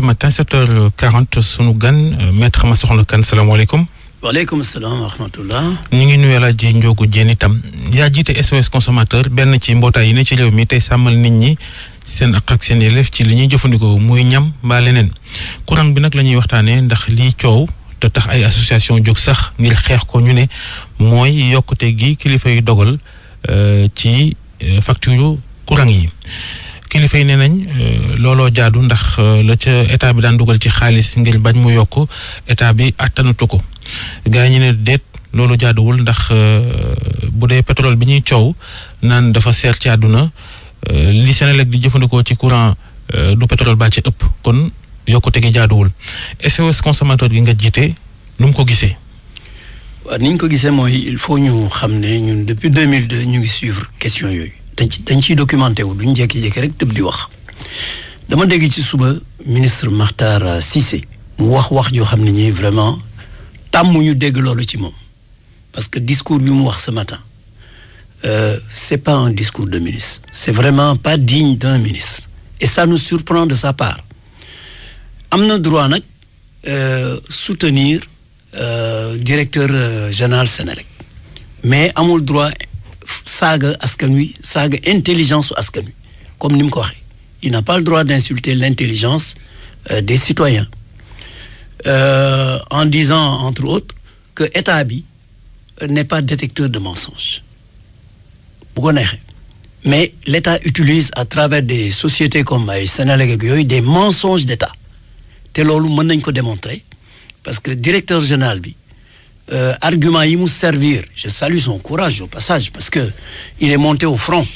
RFM matin 7h40 sunu gan euh, maître Massokhna Kane salaamaaleykum. waaleykum salaam wa rahmatullah. ñu ngi nuyu la ji Ndiogou Diène itam yaa jiite SOS consommateur benn ci mbootaay yi ne ci réew mi tey sàmmal nit ñi seen ak ak seen yelleef ci li ñuy jëfandikoo muy ñam baa leneen courant bi nag la ñuy waxtaanee ndax lii coow. te tax ay association jóg sax ngir xeex ko ñu ne mooy yokkute gi kilifa yi dogal euh, ci euh, facture courant yi kilifa yi nee nañ euh, looloo jaadu ndax euh, la ca état bi daan dugal ci xaalis ngir bañ mu yokk état bi àttanutu ko gars yi ñu ne déet loolu jaaduwul ndax euh, bu dee pétrole bi ñuy coow naan dafa seer ci àdduna li Senelec di jëfandikoo ci courant du pétrole baa ci ëpp kon yokkute gi jaaduwul SOS consommateur gi nga jiite nu mu ko gisee. waaw ni ñu ko gisee mooy il faut ñu xam ne ñun depuis 2002 ñu ngi suivre question yooyu. te dañ ciy documenté wu duñ jékki-jékki rek tëb di wax dama dégg ci suba ministre Makhtar Cissé mu wax wax joo xam ne ñi vraiment tàmm ñu dégg loolu ci moom parce que discours bi mu wax ce matin euh, c'est pas un discours de ministre c'est vraiment pas digne d'un ministre et ça nous surprend de sa part am na droit nag euh, soutenir euh, directeur euh, général Sénélec mais amul droit saaga askan wi saaga intelligence askan wi comme ni mu ko waxee il n'a pas le droit d'insulter l'intelligence euh, des citoyens euh, en disant entre autres que état bi euh, n'est pas détecteur de mensonges bu ko neexee mais l'état utilise à travers des sociétés comme ay Sénélec ak yooyu des mensonges d'état te loolu mën nañ ko démontrer parce que directeur général bi Euh, argument yi mu servir je salue son courage au passage parce que il est monté au front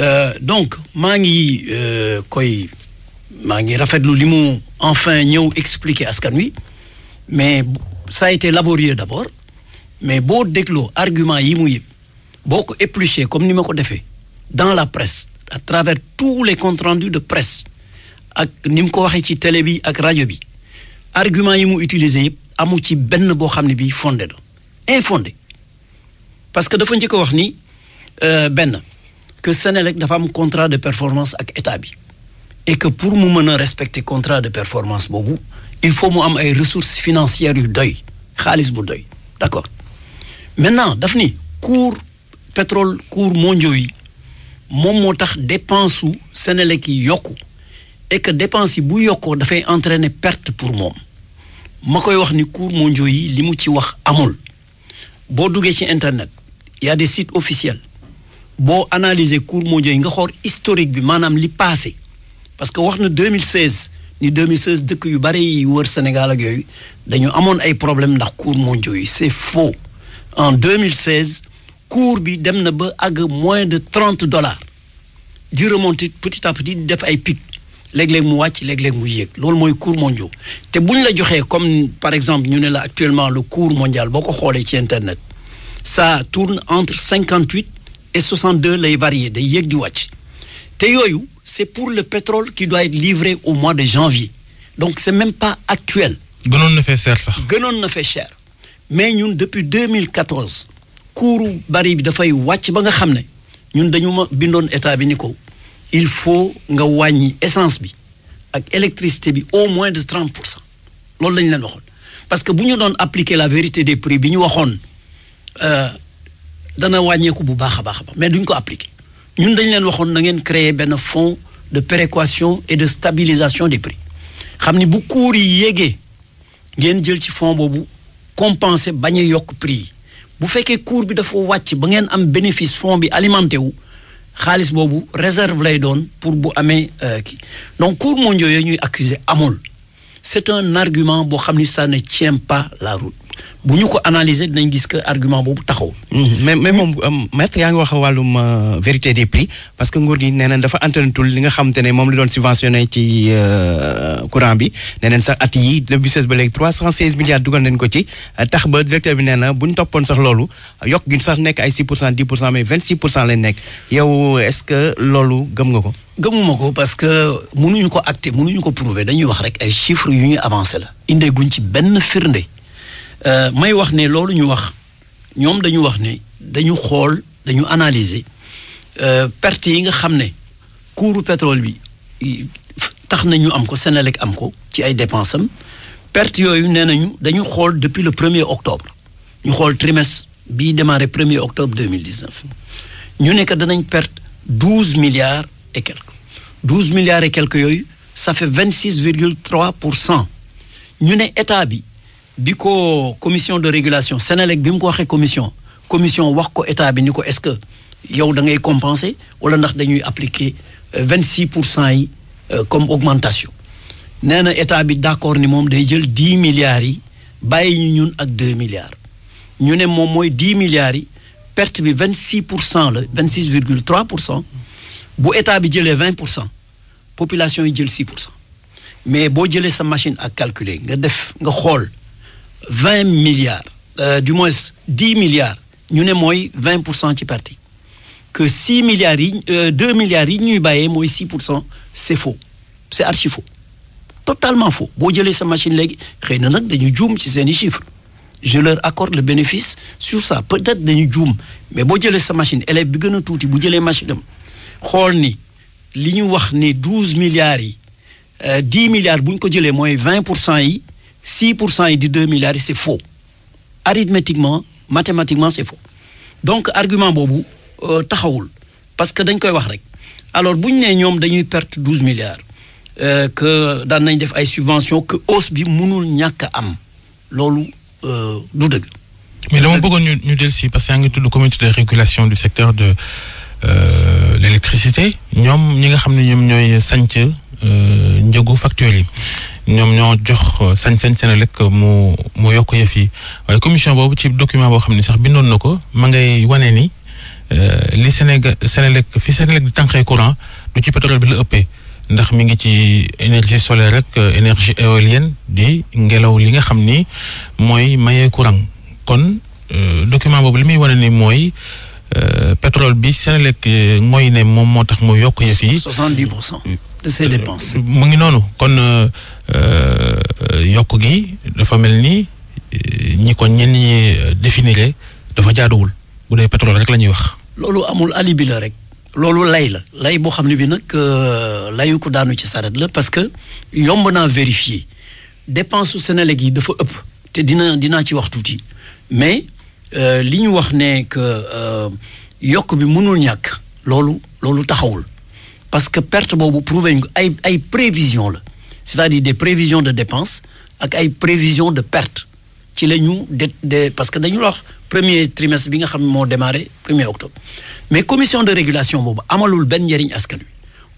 euh, donc maa ngi euh, koy maa ngi rafetlu li mu enfin ñëw expliquer askan wi mais ça a été laborieux d'abord mais boo dégloo argument yi mu yëpp boo ko épluché comme ni ma ko defee dans la presse à travers tous les comptes rendus de presse ak ni mu ko waxee ci télé bi ak rajo bi argument yi mu utilisé yëpp amu ci benn boo xam ne bii fondé la infondé parce que dafa njëkk wax ni euh, benn que Senelec dafa am contrat de performance ak état bi et que pour mu mën a respecter contrat de performance boobu il faut mu am ay ressources financière yu doy xaalis bu doy d'accord maintenant daf ni cour pétrole cour mondiaux yi moom moo tax dépense su Senelec yi yokku et que yi bu yokkoo dafay entraîner perte pour moom ma koy wax ni cours mondiaux yi li mu ci wax amul boo duggee ci internet y a des sites officiels boo analyser cours mondiaux yi nga xool historique bi maanaam li passé parce que wax na 2016 ni 2016 dëkk yu bari yi wër Sénégal ak yooyu dañu amoon ay problème ndax cours mondiaux yi c'est faux en 2016 cours bi dem na ba àgg moins de 30 dollars di remonter petit à petit di def ay pic léeg mu wàcc léeg mu yéeg loolu mooy cours mondiaux te bu ñu la joxee comme par exemple ñu ne la actuellement le cours mondial boo ko xoolee ci internet ça tourne entre cinquante huit et soixante deux lay barier day yéeg di wàcc te yooyu c'est pour le pétrole qui doit être au mois de janvier donc c'est même pas actuel. gënoon na fee cher sax. gënoon na fee cher mais ñun depuis 2014 cours bari bi dafay wàcc ba nga xam ne ñun dañu ma bindoon état bi ni ko. il faut nga wàññi essence bi ak électricité bi au moins de 30 pour cent loolu la leen waxoon parce que bu ñu doon appliquer la vérité des prix bi ñu waxoon euh, dana wàññeeku bu baax a baax a baax mais duñ ko appliquer ñun dañu leen waxoon na ngeen créer benn fonds de péréquation et de stabilisation des prix xam ni bu cours yi yéegee ngeen jël ci fonds boobu compenser bañ a yokk prix yi bu fekkee cours bi dafa wàcc ba ngeen am bénéfice fonds bi alimenté wu xaalis boobu réserve lay doon pour bu amee euh, kii donc cours mondiaux yooyu ñuy accuser amul c'est un argument boo xam ni ça ne tient pas la route bu ñu ko analyser dinañ gis que argument boobu taxaw. Mhm. mais mais moom euh, maître yaa ngi wax wàllum euh, vérité des prix parce que nguur gi nee nañ dafa antantul li nga xam ne moom la doon subventionné ci euh, courant bi nee nañ sax at yi le business ba léegi trois cent seize milliards dugal nañ ko ci tax ba directeur bi nee na bu ñu toppoon sax loolu yokk gi sax nekk ay six pour cent dix pour cent mais vingt six pour cent lañ nekk yow est-ce que loolu gëm nga ko. gëmuma ko parce que mënuñu ko acté mënuñu ko prouver dañuy wax rek ay chiffres yu ñuy avancé la. indee ci benn firnde. Euh, may wax ne loolu ñu wax ñoom dañu wax ne dañu xool dañu analyser euh, perte yi nga xam ne kuuru pétrole bi tax nañu am ko Sénélec am ko ci ay dépenses am perte yooyu nee nañu dañu xool depuis le premier octobre ñu xool trimestre bii démarré premier octobre deux mille dix-neuf ñu nekk danañ perte douze milliards et quelques douze milliards et quelques yooyu ça fait vingt six virgule trois pour cent ñu ne état bi. bi ko commission de régulation Sénélec bi mu ko waxee commission commission wax ko état bi ni ko est que yow da ngay compenser wala ndax dañuy appliquer euh, vingt six pour cent yi euh, comme augmentation nee na état bi d'accord ni moom day jël dix milliards yi bàyyi ñu ñun ak deux milliards ñu ne moom mooy dix milliards yi perte bi vingt six pour cent la vingt six virgule trois pour cent bu état bi jëlee vingt pour cent population yi jël six pour mais boo jëlee sa machine ak calculer nga def nga xool vingt milliards euh, du moins dix milliards ñu ne mooy vingt pour cent ci parti que six milliards yi euh, deux milliards yi ñuy bàyyee mooy six pour cent c'est faux c'est archi faux totalement faux boo jëlee sa machine léegi xëy na nag dañu juum ci seeni chiffres je leur accorde le bénéfice sur ça peut-être dañu juum mais boo jëlee sa machine élève bi gën a tuuti bu jëlee machine am xool ni li ñu wax ni douze milliards yi euh, dix milliards bu ñu ko jëlee mooy vingt pour cent yi 6 pour cent yi di 2 milliards yi c'est faux arithmétiquement mathématiquement c'est faux donc argument boobu euh, taxawul parce que dañ koy wax rek alors bu ñu nee ñoom dañuy perte 12 milliards euh, que daan nañ def ay subventions que hausse bi mënul ñàkk am loolu euh, du dëgg. mais dama bëggoon ñu ñu del si parce que yaa ngi tudd comité de régulation du secteur de l'électricité ñoom ñi nga xam ne ñoom ñooy sanc Euh, njëgu facture yi ñoom ñoo jox euh, sañ-sañ Senelec mu mu yokk yëf fii waaye commission boobu ci document boo xam ne sax bindoon na ko ma ngay wane ni euh, li Sénégal Senelec fi Senelec di tànqee courant du ci pétrole bi la ëppee ndax mi ngi ci énergie solaire rek énergie éolienne di ngelaw li nga xam ni mooy mayee courant kon document boobu li muy wane ni mooy pétrole bi Senelec mooy ne moom moo tax mu yokk yëf fii 70 pour de ses mu ngi noonu kon euh, euh, yokk gi dafa mel ni euh, ñi ko ñenn ñi définiré dafa jaaduwul bu dee pétrole rek la ñuy wax. loolu amul alibi la rek. loolu lay la lay boo xam ne bi nag layu ko daanu ci saret la parce que yomb naa vérifier dépense su Sénélec yi dafa ëpp te dina dinaa ci wax tuuti mais li ñu wax ne que yokk bi mënul ñàkk loolu loolu taxawul parce que perte boobu prouvé ko ay ay prévision la c'est-à-dire des prévisions de dépenses ak ay prévisions de perte ci la ñu de de parce que dañu la wax premier trimestre bi nga xam moo démarré premier octobre mais commission de régulation boobu amalul benn njëriñ askan wi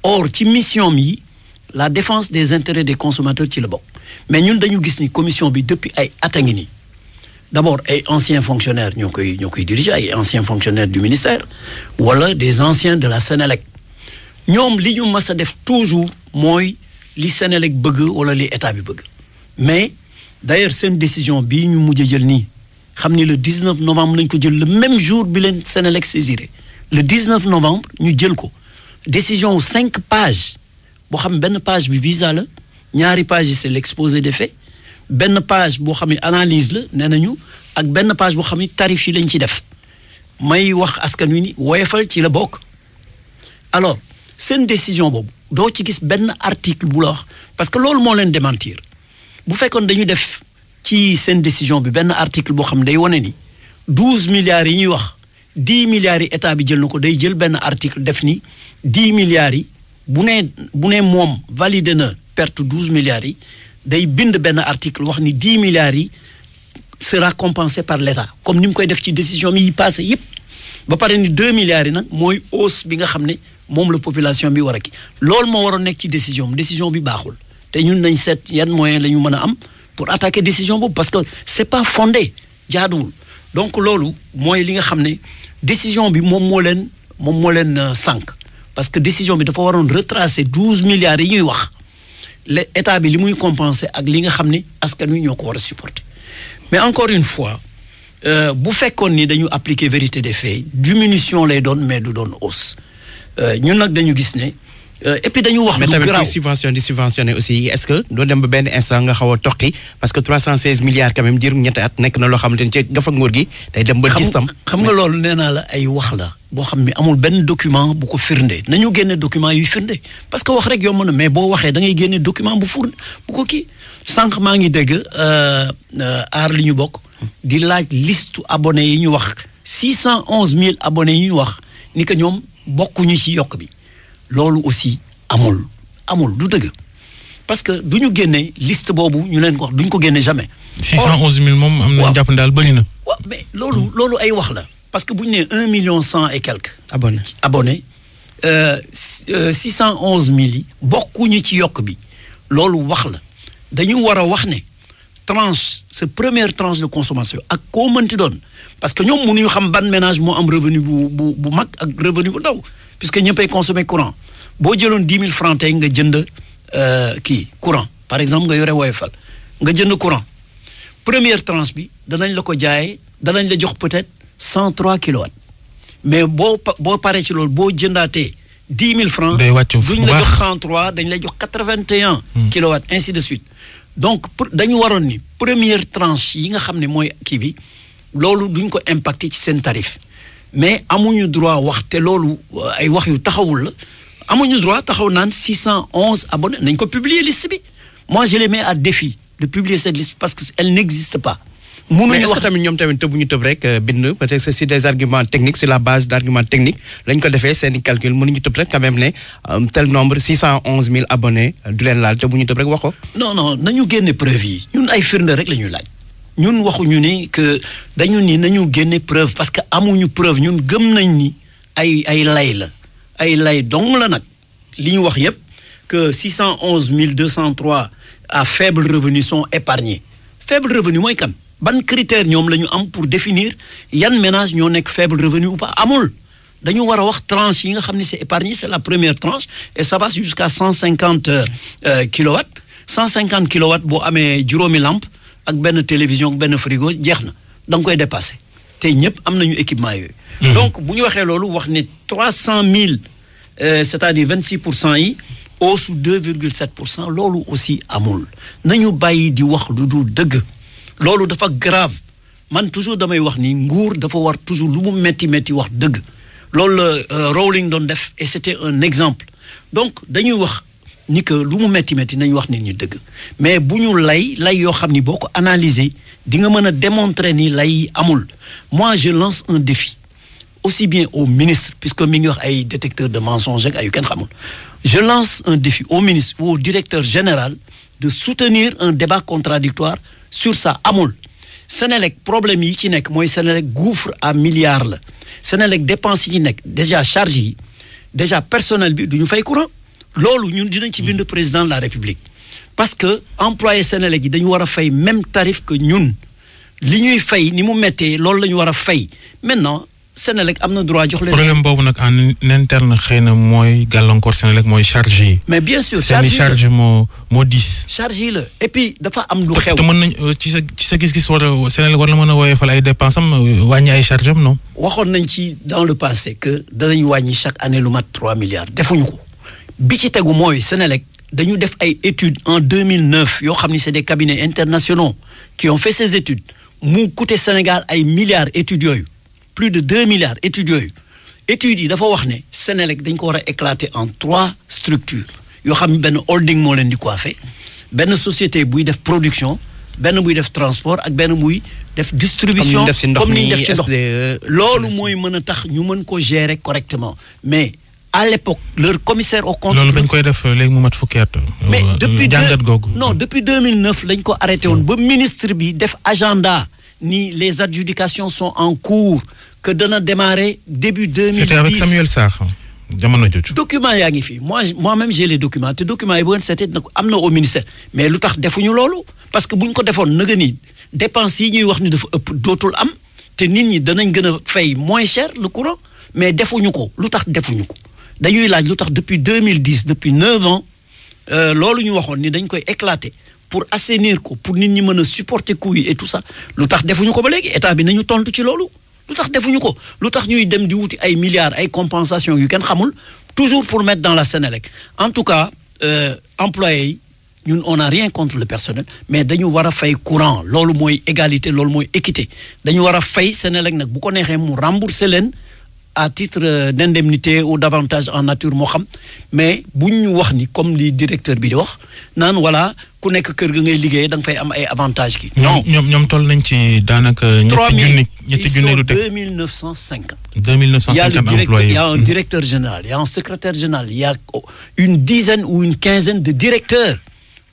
or ci mission yi la défense des intérêts de consommateurs ci la bokk mais ñun dañu gis ni commission bi depuis ay at a ngi ay anciens fonctionnaires ñoo koy ñoo koy diriger ay anciens fonctionnaires du ministère wala des anciens de la Sénélec ñoom li ñu mës a def toujours mooy li Sénélec bëgg wala li état bi bëgg mais d'ailleurs seen décision bii ñu mujj jël nii xam ni le 19 novembre lañ ko jël le même jour bi leen Sénélec saisiré le 19 novembre ñu jël ko décision wu cinq pages boo xam benn page bi visa la ñaari page yi c'est l'exposé des benn page boo xam ne analise la nee nañu ak benn page boo xam ne tarif yi lañ ci def may wax askan wi ni woyefal ci la bokk alors seen décision boobu doo ci gis benn article bu la wax parce que loolu moo leen démentir bu fekkoon dañu def ci seen décision bi benn article boo xam day wane ni douze milliards yi ñuy wax dix milliards état bi jël na ko day jël benn article def ni dix milliards yi bu ne bu ne moom valide na perte douze milliards yi day bind benn article wax ni dix milliards yi sera compensé par l'état comme ni mu koy def ci décision mi yi passé yépp ba pare ni deux milliards yi nag mooy hausse bi nga xam ne moom la population bi war a ki loolu moo waroon nekk ci décision décision bi baaxul te ñun nañ seet yan moyen la ñu mën a am pour attaquer décision boobu parce que c'est pas fondé jaaduwul donc loolu mooy li nga xam ne décision bi moom moo leen moom moo leen euh, sànq parce que décision bi dafa waroon retracer douze milliards yi ñuy wax le état bi li muy compenser ak li nga xam ne askan wi ñoo ko war a supporter mais encore une fois euh, bu fekkoon ni dañu appliquer vérité des faits diminution lay doon mais du doon hausse Euh, ñun nag dañu gis ne. Euh, et dañu wax lu garaaw mais tamit subvention di subventionné aussi est-ce que doo dem ba benn instant nga xaw a toqi parce que 316 milliards quand même jër ñetti at nekk na loo xamante ni ci gafa nguur gi nga loolu nee la ay wax la boo xam ne amul benn document bu ko firnde nañu génne document yuy firnde parce que wax rek yomb na mais boo waxee da ngay génne document bu fur bu ko kii sànq maa ngi dégg euh, aar li ñu bokk di laaj liste abonné yi ñu wax 611 000 abonnés yi ñu wax ni ko ñoom bokkuñu ci yokk bi loolu aussi amul amul du dëgg parce que du ñu génne liste boobu ñu leen ko wax du ñu ko génne jamais. or 611000 moom am nañu jàpp daal bëri na. waaw mais loolu loolu ay wax la. parce que bu ñu nee million cent et quelques. abonnés abonnés. Euh, euh, six cent onze mille yi bokkuñu ci yokk bi loolu wax la dañu war a wax ne tranche sa première tranche de consommation ak koo mënti doon parce que ñoom mënuñu xam ban ménage moo am revenu bu bu bu mag ak revenu bu ndaw puisque ñëppay consommer courant boo jëloon dix mille francs tey nga jënd euh, kii courant par exemple nga yore woyofal nga jënd courant première tranche bi danañ la ko jaaye danañ la jox peut-être cent trois mais boo boo paree ci loolu boo jëndaatee dix mille francs duñ la jox dañ lay jox quatre vingt an hmm. kilowatts ainsi de suite donc dañu waroon ni première tranche yi nga xam ne mooy kii bi loolu duñ ko impacté ci seen tarif mais amuñu droit wax te loolu ay wax yu taxawul la amuñu droit taxaw naan 611 abonnés nañ ko publier liste bi moi je les mets à défi de publier cette liste parce que elle n'existe pas. mënuñu wax tamit ñoom tamit tëbuñu tëb rek euh, bind peut-être que si des arguments techniques sur la base d' arguments techniques lañ ko defee seen i calcul mënuñu tëb rek quand même ne euh, tel nombre 611 000 abonnés euh, du leen laal tëbuñu tëb rek wax ko. non non nañu génne preuve yi ñun ay firnde rek la ñuy laaj. ñun waxuñu ni que dañu nii nañu génne preuve parce que amuñu preuve ñun gëm nañ ni ay ay lay la ay lay dong la nag li ñu wax yépp que 611 203 à faible revenu sont épargnés faible revenu mooy kan ban critère ñoom la ñu am pour définir yan ménage ñoo nekk faible revenu u pas amul dañu war a wax tranche yi nga xam ne c'est épargné c'est la première tranche et ça va jusqu'à 150 euh, kilowatts 150 kilowatts boo amee juróomi lampe ak benn télévision ak benn frigo jeex na da nga koy dépassé te ñëpp am nañu équipement yooyu. Mhm. donc bu ñu waxee loolu wax ni trois cent mille euh, c'est-à-dire vingt six pour cent yi hausse su deux pour cent loolu aussi amul nañu bàyyi di wax lu dul dëgg loolu dafa grave man toujours damay wax ni nguur dafa war toujours lu mu metti metti wax dëgg loolu la euh, Rowling doon def et c'était un exemple donc dañuy wax. ni que lu mu métti métti nañu wax nit ñu dëgg mais bu ñu lay lay yoo xam ni boo ko analyser di nga mën a démontrer ni lay amul moi je lance un défi aussi bien au ministre puisque mi ngi wax ay détecteur de mensonges ak ay yu kenn xamul je lance un défi au ministre ou au directeur général de soutenir un débat contradictoire sur ça amul Sénélec problème yi ci nekk mooy Sénélec gouffre à milliards la Sénélec dépense yi ci nekk déjà charge yi déjà personnel bi du ñu fay loolu ñun dinañ ci bind président de la république parce que employé Sénélec yi dañu war a fay même tarif que ñun li ñuy fay ni mu méttee loolu la ñu war a fay maintenant Sénélec am na droit jox leen. problème boobu nag en interne xëy na mooy gàllankoor Sénélec mooy charge yi. mais bien sûr charge yi la charge moo moo diis. charge yi la et dafa am lu xew. te mën nañ euh, ci sa sa gis-gis war a war la mën a woyofal ay dépenses am euh, wàññi charge am non. waxoon nañ ci dans le passé que danañ wàññi chaque année lu mat trois milliards defuñu ko. bi ci tegu mooy Sénélec dañu def ay études en 2009 yoo xam ni c'est des cabinets internationaux qui ont fait ces études mu coûté Sénégal ay milliards études yooyu plus de deux milliards études yooyu études yi dafa wax ne Sénélec dañ ko war a éclater en trois structures yoo xam ni benn holding moo leen di coiffé benn société buy def production benn buy def transport ak benn buy def distribution comme ni ñu def ci ndox e, loolu e. mooy mën a tax ñu mën ko gérer correctement mais à l'époque leur commissaire au compte. loolu bañ koy def euh, léegi mu mat fukki at. mais euh, depuis jàngat googu non depuis 2009 lañ ko arrêté woon ba ministre bi def agenda ni les adjudications sont en cours que dana démarrer début 2010. c'était avec Samuel Sarr jamono jooju. document yaa ngi fi mois mois même j'ai les documents te documents yi bu ngeen seetee nag am na au ministère mais lu tax defuñu loolu parce que buñ ko defoon nga ni dépenses yi ñuy wax ni dafa ëpp dootul am te nit ñi danañ gën a fay moins cher le courant mais defuñu ko lu tax defuñu dañuy laaj lu tax depuis 2010 depuis 9 ans euh, loolu ñu waxoon ni dañ koy éclater pour assainir ko pour nit ñi mën a supporter coût yi et tout ça lu tax defuñu ko ba léegi état bi nañu tontu ci loolu lu tax defuñu ko lu tax ñuy dem di wuti ay milliards ay compensation yu kenn xamul toujours pour mettre dans la Sénélec en tout cas euh, emploier yi ñun on n'a rien contre le personnel mais dañu war a fay courant loolu mooy égalité loolu mooy équité dañu war a fay Sénélec nag bu ko neexee mu rembourser leen à titre d'indemnité ou d'avantage en nature moo xam mais bu ñu wax ni comme li directeur bi di wax naan voilà ku nekk kër ga ngay liggéey da nga fay am ay avantage ki non ñoom ñoom toll nañ ci daanaka. ñetti junni ñetti junni lu teg 2950. 2950 employés il y a le directeur il y a un mmh. directeur général il y a un secrétaire général il y a une dizaine ou une quinzaine de directeurs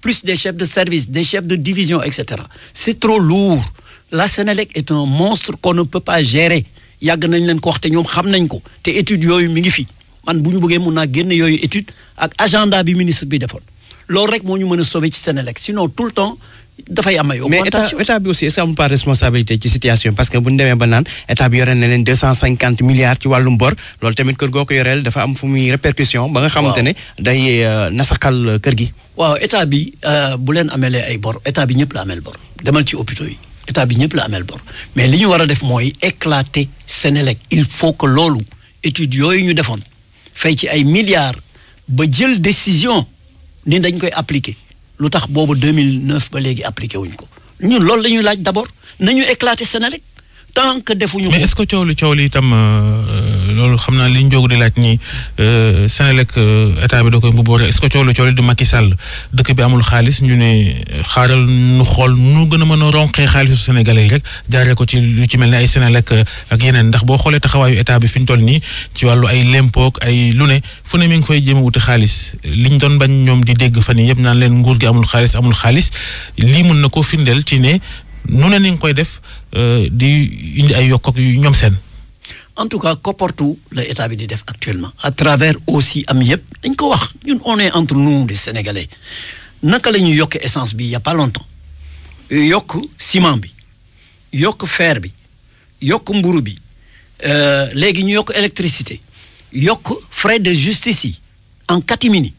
plus des chefs de service des chefs de division et cetera c'est trop lourd la Sénélec est un monstre qu'on ne peut pas gérer. yàgg nañ leen ko wax te ñoom xam nañ ko te étude yooyu mi ngi fi man bu ñu bëggee mun naa génne yooyu étude ak agenda bi ministre bi defoon loolu rek moo ñu mën a sauver ci Senelec sinon tout le temps dafay am ay augmentation mais état bi aussi est-ce que amul pas responsabilité ci situation parce que bu ñu demee ba naan état bi yore na leen deux cent cinquante milliards ci wàllum bor loolu tamit kër goo ko yoreel dafa am fu muy répercussion. ba nga xamante ne day euh, nasaxal euh, kër gi. waaw état bi euh, bu leen amelee ay bor état bi ñëpp ameel bor demal ci hôpitaux yi. état bi ñëpp la ameel bor mais li ñu war a def mooy éclater Senelec il faut que loolu études yooyu ñu defoon fay ci ay milliards ba jël décision ni dañ koy appliquer lu tax boobu 2009 ba léegi appliqué wuñ ko ñun loolu la ñuy laaj d'abord nañu éclater Senelec tant que defuñu. mais est-ce que coow li coow li itam. Euh, loolu xam naa li njóogu di laaj nii euh, Senelec euh, état bi da koy mbubboo est-ce que coolu coolu di Macky Sall dëkk bi amul xaalis ñu ne euh, xaaral nu xool nu gën a mën a ronqee xaalisu Sénégalais rek jaaree ko ci lu ci mel ne ay Senelec ak yeneen ndax boo xoolee taxawaayu état bi fi ñu toll nii ci wàllu ay lempoog ay lu ne fu ne mi ngi koy jéem a wuti xaalis liñ doon bañ ñoom di dégg fa nii yëpp naan leen nguur gi amul xaalis amul xaalis lii mën na ko findeel ci ne nu ne ni nga koy def di indi ay yokk ak ñoom seen. en tout cas koppartu la état bi di def actuellement à travers aussi am yëpp dañ ko wax ñun on est entre nous les sénégalais naka la ñuy yokk essence bi y a pas longtemps yokk ciment bi yokk fer bi yokk mburu bi euh, léegi ñu yokk électricité yokk frais de justice yi en catimini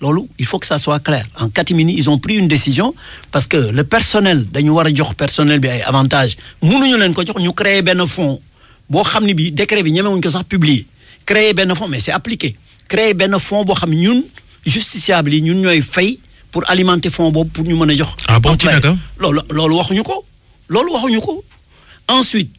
loolu il faut que ça soit clair en catimini ils ont pris une décision parce que le personnel dañu war a jox personnel bi ay avantages mënuñu leen ko jox ñu créer benn fonds boo xam ne bii décret bi ñemewuñ ko sax publier créer benn fonds mais c'est benn fonds boo xam ne ñun justiciable yi ñun ñooy fay pour alimenter fonds boobu pour ñu mën a jox. ah bon ci naka loolu loolu waxuñu ko loolu waxuñu ko ensuite.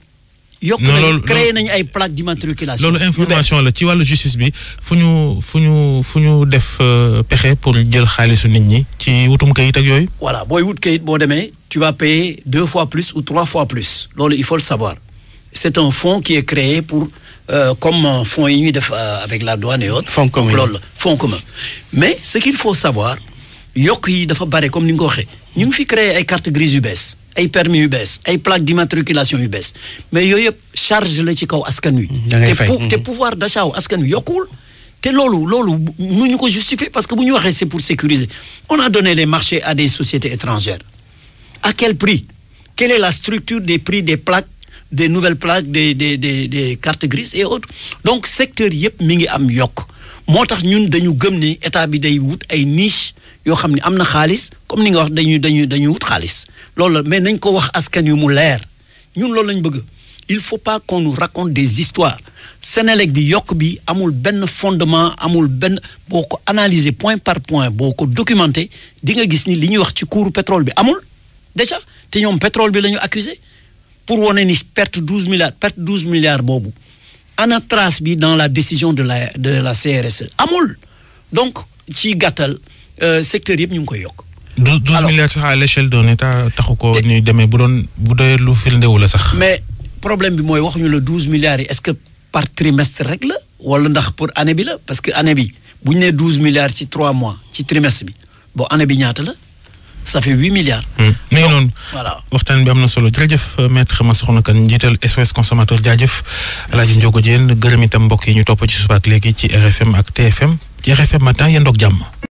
yokk nañu créé nañu ay plaque d'immatriculation loolu information la ci wàllu justice bi fu ñu fu ñu fu ñu def euh, pexe pour jël xaalisu nit ñi ci wutum kayit ak yooyu. voilà booy wut kayit boo demee tu vas payer deux fois plus ou trois fois plus loolu il faut le c'est un fonds qui est créé pour euh, comme fonds yi ñuy def avec la douane et autres. fonds commun loolu la fonds commun. mais ce qu'il faut savoir yokk yi dafa bare comme ni nga ko waxee ñu ngi fi créé ay cartes grises yu bees ay permis yu bees ay plaques d'immatriculation yu bees mais yooyu yëpp charge la ci kaw askan wi. te mhm. te pouvoir d'achat wu askan wi yokkuwul. te loolu loolu mënuñu ko justifier parce que bu ñu waxee c'est pour sécuriser on a donné les marchés à des sociétés étrangères à quel prix la structure des prix des plaques des nouvelles plaques des des des des cartes grises et autres donc secteur yëpp mi ngi am yokk moo tax ñun dañu gëm ni état bi day wut ay niche yoo xam ne am na xaalis comme ni nga wax dañuy dañuy dañuy wut xaalis loolu mais nañ ko wax askan yu mu leer ñun loolu lañ bëgg il faut pas qu'on nous raconte des histoires Sénélec bi yokk bi amul benn fondement amul benn boo ko analyser point par point boo ko documenter di nga gis ni li ñuy wax ci cours pétrole bi amul déjà te ñoom pétrole bi la ñu accusé pour wane ni perte douze milliards perte douze milliards boobu ana trace bi dans la décision de la de la CRSE amul donc ci gàttal euh, secteur yëpp ñu ngi koy yokk. alors douze douze milliards sax à l'échelle d'un état taxu ko ñuy demee bu doon bu doyee lu firndewu la sax. mais problème bi mooy waxuñu la douze milliards yi est que par trimestre rek la wala ndax pour année bi la parce que année bi bu ñu nee douze milliards ci trois mois ci trimestre bi bon année bi ñaata la. ça fait huit milliards. mais hmm. noonu waxtaan bi am na solo jërëjëf maître Massokhna Kane njiital SOS consommateur jaajëf El Hadj Ndiogo gërëm itam mbokk yi ñu topp ci suba léegi ci RFM ak TFM ci RFM matin yéen doog jàmm.